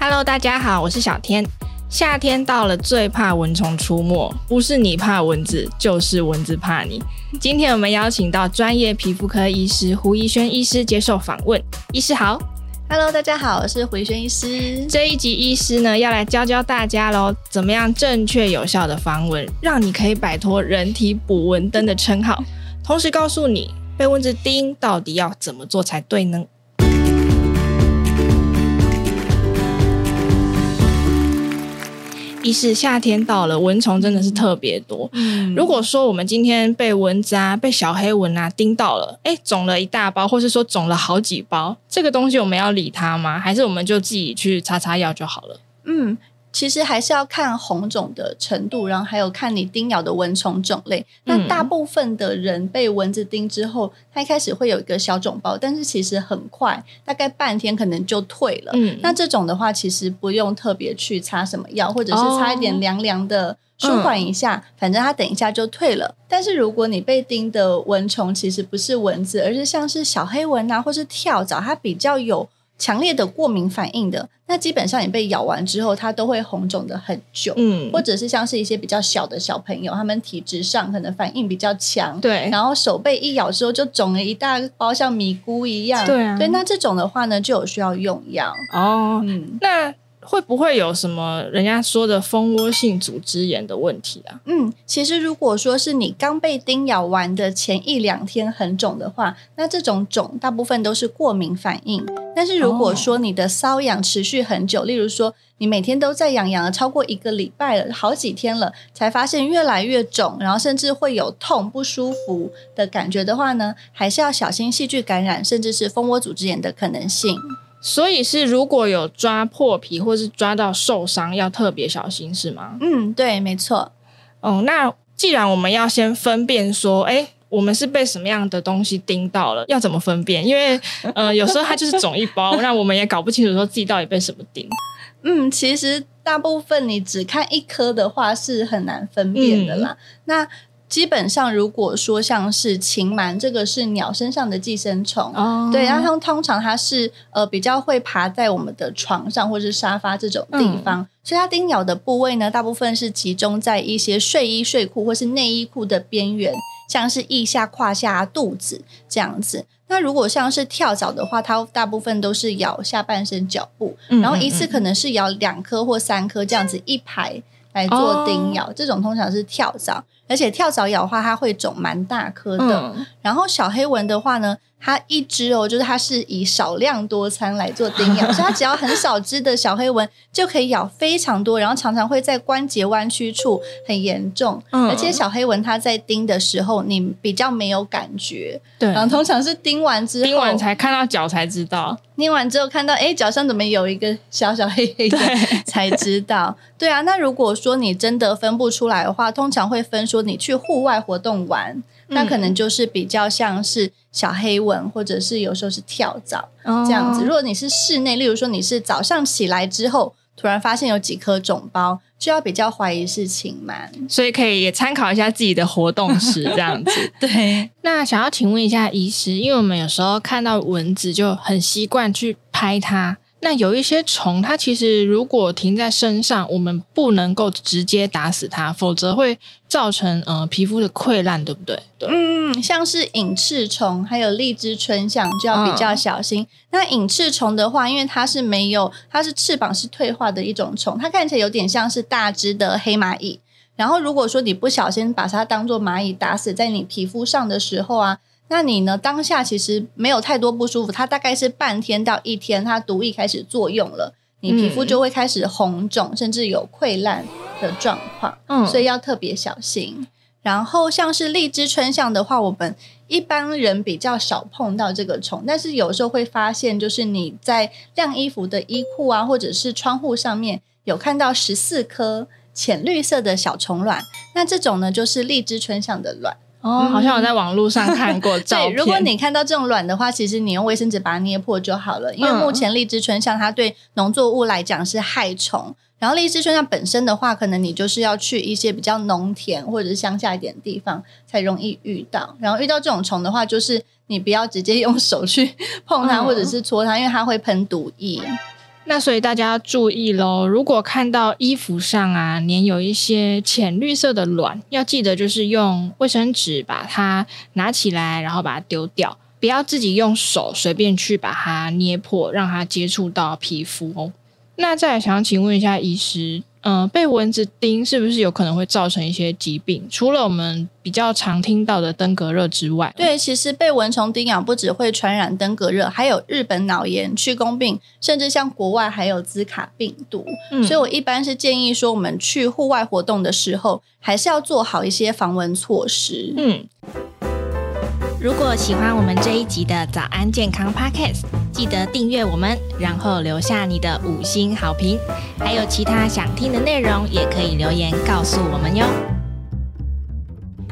哈嘍大家好，我是小天。夏天到了，最怕蚊蟲出沒，不是你怕蚊子，就是蚊子怕你。今天我們邀請到專業皮膚科醫師胡怡萱醫師接受訪問。醫師好，哈嘍大家好，我是胡怡萱醫師。這一集醫師呢要來教教大家嘍，怎麼樣正確有效的防蚊，讓你可以擺脫人體捕蚊燈的稱號， 同時告訴你被蚊子叮到底要怎麼做才對呢？一是夏天到了，蚊蟲真的是特別多。嗯，如果說我們今天被蚊子啊、被小黑蚊啊叮到了，哎、欸，腫了一大包，或是說腫了好幾包，這個東西我們要理它嗎？還是我們就自己去擦擦藥就好了？嗯。其實還是要看紅腫的程度，然後還有看你叮咬的蚊蟲種類。那大部分的人被蚊子叮之後，嗯、它一開始會有一個小腫包，但是其實很快，大概半天可能就退了、嗯。那這種的話，其實不用特別去擦什麼藥，或者是擦一點涼涼的舒緩一下、哦嗯，反正它等一下就退了。但是如果你被叮的蚊蟲其實不是蚊子，而是像是小黑蚊啊，或是跳蚤，它比較有。強烈的過敏反應的，那基本上你被咬完之後，它都會紅腫的很久，嗯，或者是像是一些比較小的小朋友，他們體質上可能反應比較強，對，然後手被一咬之後就腫了一大包，像米糊一樣，對、啊，對，那這種的話呢，就有需要用藥哦、oh, 嗯，那。會不會有什麼人家說的蜂窩性組織炎的問題啊？嗯，其實如果說是你剛被叮咬完的前一兩天很腫的話，那這種腫大部分都是過敏反應。但是如果說你的瘙癢持續很久，哦、例如說你每天都在癢癢了，超過一個禮拜了，好幾天了，才發現越來越腫，然後甚至會有痛不舒服的感覺的話呢，還是要小心細菌感染，甚至是蜂窩組織炎的可能性。所以是，如果有抓破皮或是抓到受傷，要特別小心，是嗎？嗯，對，沒錯。哦、嗯，那既然我們要先分辨說，哎、欸，我們是被什麼樣的東西叮到了，要怎麼分辨？因為，呃，有時候它就是腫一包， 那我們也搞不清楚說自己到底被什麼叮。嗯，其實大部分你只看一顆的話是很難分辨的啦、嗯。那基本上，如果說像是禽蟎，這個是鳥身上的寄生蟲，oh. 對，然後它通常它是呃比較會爬在我們的床上或者是沙發這種地方、嗯，所以它叮咬的部位呢，大部分是集中在一些睡衣、睡褲或是內衣褲的邊緣，像是腋下、胯下、肚子這樣子。那如果像是跳蚤的話，它大部分都是咬下半身腳部、腳、嗯、部、嗯嗯，然後一次可能是咬兩顆或三顆這樣子一排來做叮咬，oh. 這種通常是跳蚤。而且跳蚤咬的話，它會腫蠻大顆的，嗯。然後小黑蚊的話呢？它一隻哦，就是它是以少量多餐來做叮咬，所以它只要很少隻的小黑蚊就可以咬非常多，然後常常會在關節彎曲處很嚴重。嗯，而且小黑蚊它在叮的時候你比較沒有感覺，對，然後通常是叮完之後，叮完才看到腳才知道，叮完之後看到誒腳上怎麼有一個小小黑黑的，才知道。對。對啊，那如果說你真的分不出來的話，通常會分說你去戶外活動玩。那可能就是比較像是小黑蚊，或者是有時候是跳蚤、哦、這樣子。如果你是室內，例如說你是早上起來之後，突然發現有幾顆腫包，就要比較懷疑是塵蟎，所以可以也參考一下自己的活動史這樣子。 對，那想要請問一下醫師，因為我們有時候看到蚊子就很習慣去拍它。那有一些蟲，它其實如果停在身上，我們不能夠直接打死它，否則會造成呃皮膚的潰爛，對不對？對，嗯，像是隱翅蟲，還有荔枝椿象就要比較小心。嗯、那隱翅蟲的話，因為它是沒有，它是翅膀是退化的一種蟲，它看起來有點像是大隻的黑螞蟻。然後如果說你不小心把它當做螞蟻打死在你皮膚上的時候啊。那你呢？當下其實沒有太多不舒服，它大概是半天到一天，它毒液開始作用了，你皮膚就會開始紅腫，嗯，甚至有潰爛的狀況，嗯，所以要特別小心。然後像是荔枝椿象的話，我們一般人比較少碰到這個蟲，但是有時候會發現，就是你在晾衣服的衣褲啊，或者是窗戶上面有看到十四顆淺綠色的小蟲卵，那這種呢就是荔枝椿象的卵。哦、oh，好像我在網絡上看過。 對，如果你看到這種卵的話，其實你用衛生紙把它捏破就好了。因為目前荔枝椿象它對農作物來講是害蟲，然後荔枝椿象本身的話，可能你就是要去一些比較農田或者是鄉下一點的地方才容易遇到。然後遇到這種蟲的話，就是你不要直接用手去碰它或者是戳它，因為它會噴毒液。那所以大家要注意嘍，如果看到衣服上啊，粘有一些淺綠色的卵，要記得就是用衛生紙把它拿起來，然後把它丟掉，不要自己用手隨便去把它捏破，讓它接觸到皮膚哦。那再來想請問一下醫師。嗯、呃，被蚊子叮是不是有可能會造成一些疾病？除了我們比較常聽到的登革熱之外，對，其實被蚊蟲叮咬不只會傳染登革熱，還有日本腦炎、屈公病，甚至像國外還有茲卡病毒、嗯。所以我一般是建議說，我們去戶外活動的時候，還是要做好一些防蚊措施。嗯。如果喜歡我們這一集的早安健康 Podcast，記得訂閱我們，然後留下你的五星好評。還有其他想聽的內容，也可以留言告訴我們喲。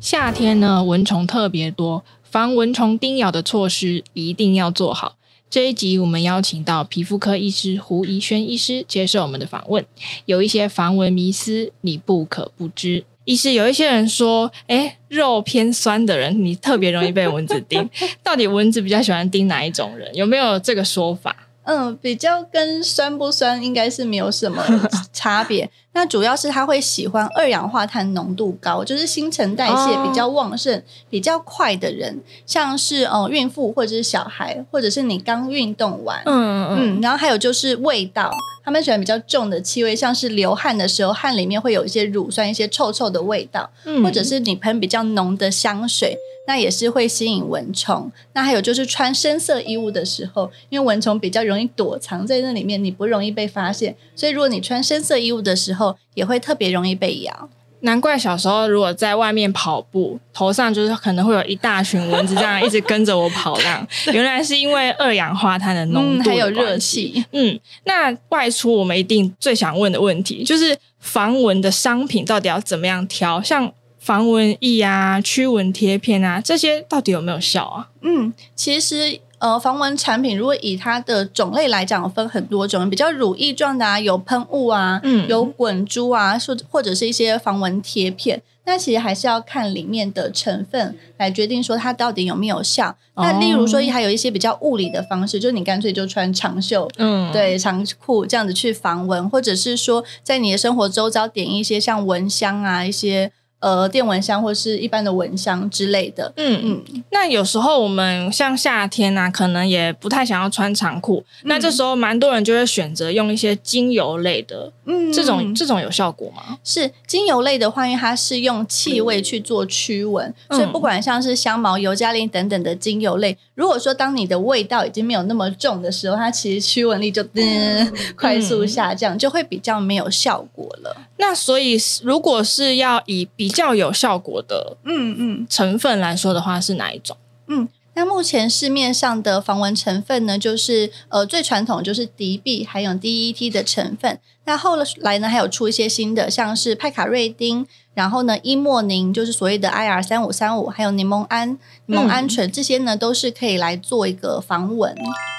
夏天呢，蚊蟲特別多，防蚊蟲叮咬的措施一定要做好。這一集我們邀請到皮膚科醫師胡怡萱醫師接受我們的訪問，有一些防蚊迷思你不可不知。其實有一些人說，哎、欸，肉偏酸的人，你特別容易被蚊子叮。 到底蚊子比較喜歡叮哪一種人？有沒有這個說法？嗯，比較跟酸不酸應該是沒有什麼差別。 那主要是他會喜歡二氧化碳濃度高，就是新陳代謝比較旺盛、哦、比較快的人，像是嗯，孕婦或者是小孩，或者是你剛運動完。嗯嗯，嗯。然後還有就是味道。他們喜歡比較重的氣味，像是流汗的時候，汗裡面會有一些乳酸，一些臭臭的味道。嗯。或者是你噴比較濃的香水，那也是會吸引蚊蟲。那還有就是穿深色衣物的時候，因為蚊蟲比較容易躲藏在那裡面，你不容易被發現，所以如果你穿深色衣物的時候，也會特別容易被咬。難怪小時候如果在外面跑步，頭上就是可能會有一大群蚊子這樣一直跟着我跑這樣。這 原來是因為二氧化碳的濃度，嗯，還有熱氣。嗯，那外出我們一定最想問的問題就是防蚊的商品到底要怎麼樣挑？像防蚊液啊、驅蚊貼片啊這些，到底有沒有效啊？嗯，其實。呃，防蚊產品如果以它的種類來講，分很多種，比較乳液狀的啊，有噴霧啊，嗯，有滾珠啊，或或者是一些防蚊貼片。嗯。那其實還是要看裡面的成分來決定說它到底有沒有效。哦。那例如說，還有一些比較物理的方式，就是你乾脆就穿長袖，嗯，對，長褲這樣子去防蚊，或者是說在你的生活周遭點一些像蚊香啊，一些。呃，電蚊香或是一般的蚊香之類的。嗯嗯。那有時候我們像夏天啊，可能也不太想要穿長褲。嗯、那這時候，蠻多人就會選擇用一些精油類的。嗯。這種這種有效果嗎？是精油類的話，因為它是用氣味去做驅蚊，嗯、所以不管像是香茅、尤加利等等的精油類，如果說當你的味道已經沒有那麼重的時候，它其實驅蚊力就噔、呃嗯、快速下降，就會比較沒有效果了。那所以，如果是要以比較有效果的嗯嗯成分來說的話，是哪一種？嗯，那目前市面上的防蚊成分呢，就是呃最傳統就是敵避還有 DEET 的成分。那後來呢，還有出一些新的，像是派卡瑞丁。然後呢，伊莫寧就是所謂的 IR3535，還有檸檬胺、檸檬胺醇這些呢，嗯，都是可以來做一個防蚊。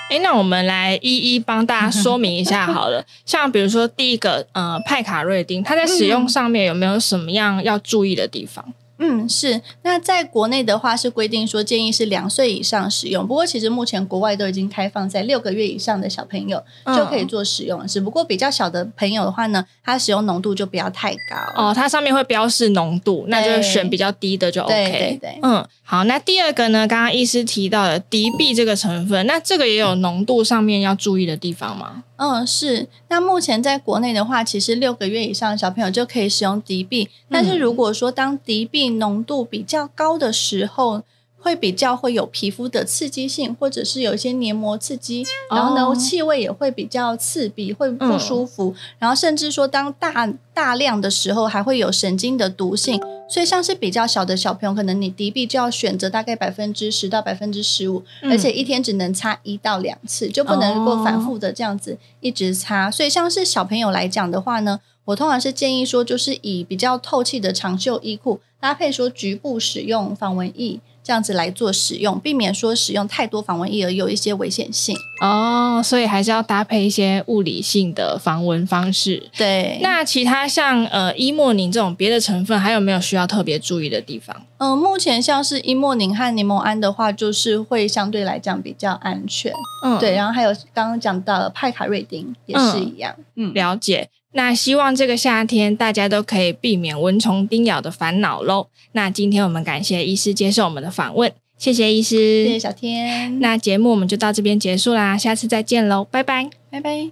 哎、欸，那我們來一一幫大家說明一下好了。 像比如說第一個，呃，派卡瑞丁，它在使用上面有沒有什麼樣要注意的地方？嗯嗯，是。那在國內的話是規定說建議是兩歲以上使用，不過其實目前國外都已經開放在六個月以上的小朋友就可以做使用。嗯、只不過比較小的朋友的話呢，它使用濃度就不要太高哦。它上面會標示濃度，那就選比較低的就 OK。對對，對，嗯，好。那第二個呢，剛剛醫師提到的 D B 這個成分，那這個也有濃度上面要注意的地方嗎？嗯，是。那目前在國內的話，其實六個月以上的小朋友就可以使用敵避。但是如果說當敵避濃度比較高的時候，嗯會比較會有皮膚的刺激性，或者是有一些黏膜刺激，然後呢，Oh. 氣味也會比較刺鼻，會不舒服。嗯、然後甚至說，當大大量的時候，還會有神經的毒性。所以像是比較小的小朋友，可能你敵避就要選擇大概百分之十到百分之十五，而且一天只能擦一到兩次，就不能夠反復的這樣子一直擦。Oh. 所以像是小朋友來講的話呢，我通常是建議說，就是以比較透氣的長袖衣褲搭配說局部使用防蚊液。這樣子來做使用，避免說使用太多防蚊液而有一些危險性哦。所以還是要搭配一些物理性的防蚊方式。對，那其他像呃伊莫寧這種別的成分，還有沒有需要特別注意的地方？嗯、呃，目前像是伊莫寧和檸檬胺的話，就是會相對來講比較安全。嗯，對。然後還有剛剛講到的派卡瑞丁也是一樣。嗯，嗯了解。那希望這個夏天大家都可以避免蚊蟲叮咬的煩惱嘍。那今天我們感謝醫師接受我們的訪問，謝謝醫師，謝謝小天。那節目我們就到這邊結束啦，下次再見嘍，拜拜，拜拜。